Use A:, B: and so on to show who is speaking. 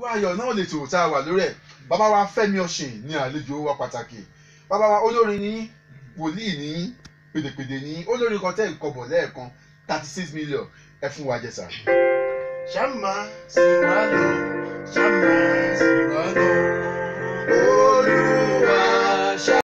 A: bó ayọ̀ náà lè tòun tá a wà lórí ẹ̀ bàbá wa Fẹ́mi Ọ̀sìn ni àlejò wa pàtàkì bàbá wa olórin ní wòlíì ní pèdèpèdè ní olórin kan ìkọbọ̀ lẹ́ẹ̀kan thirty six million ẹ wa jẹ ṣàmà sí wàá lè.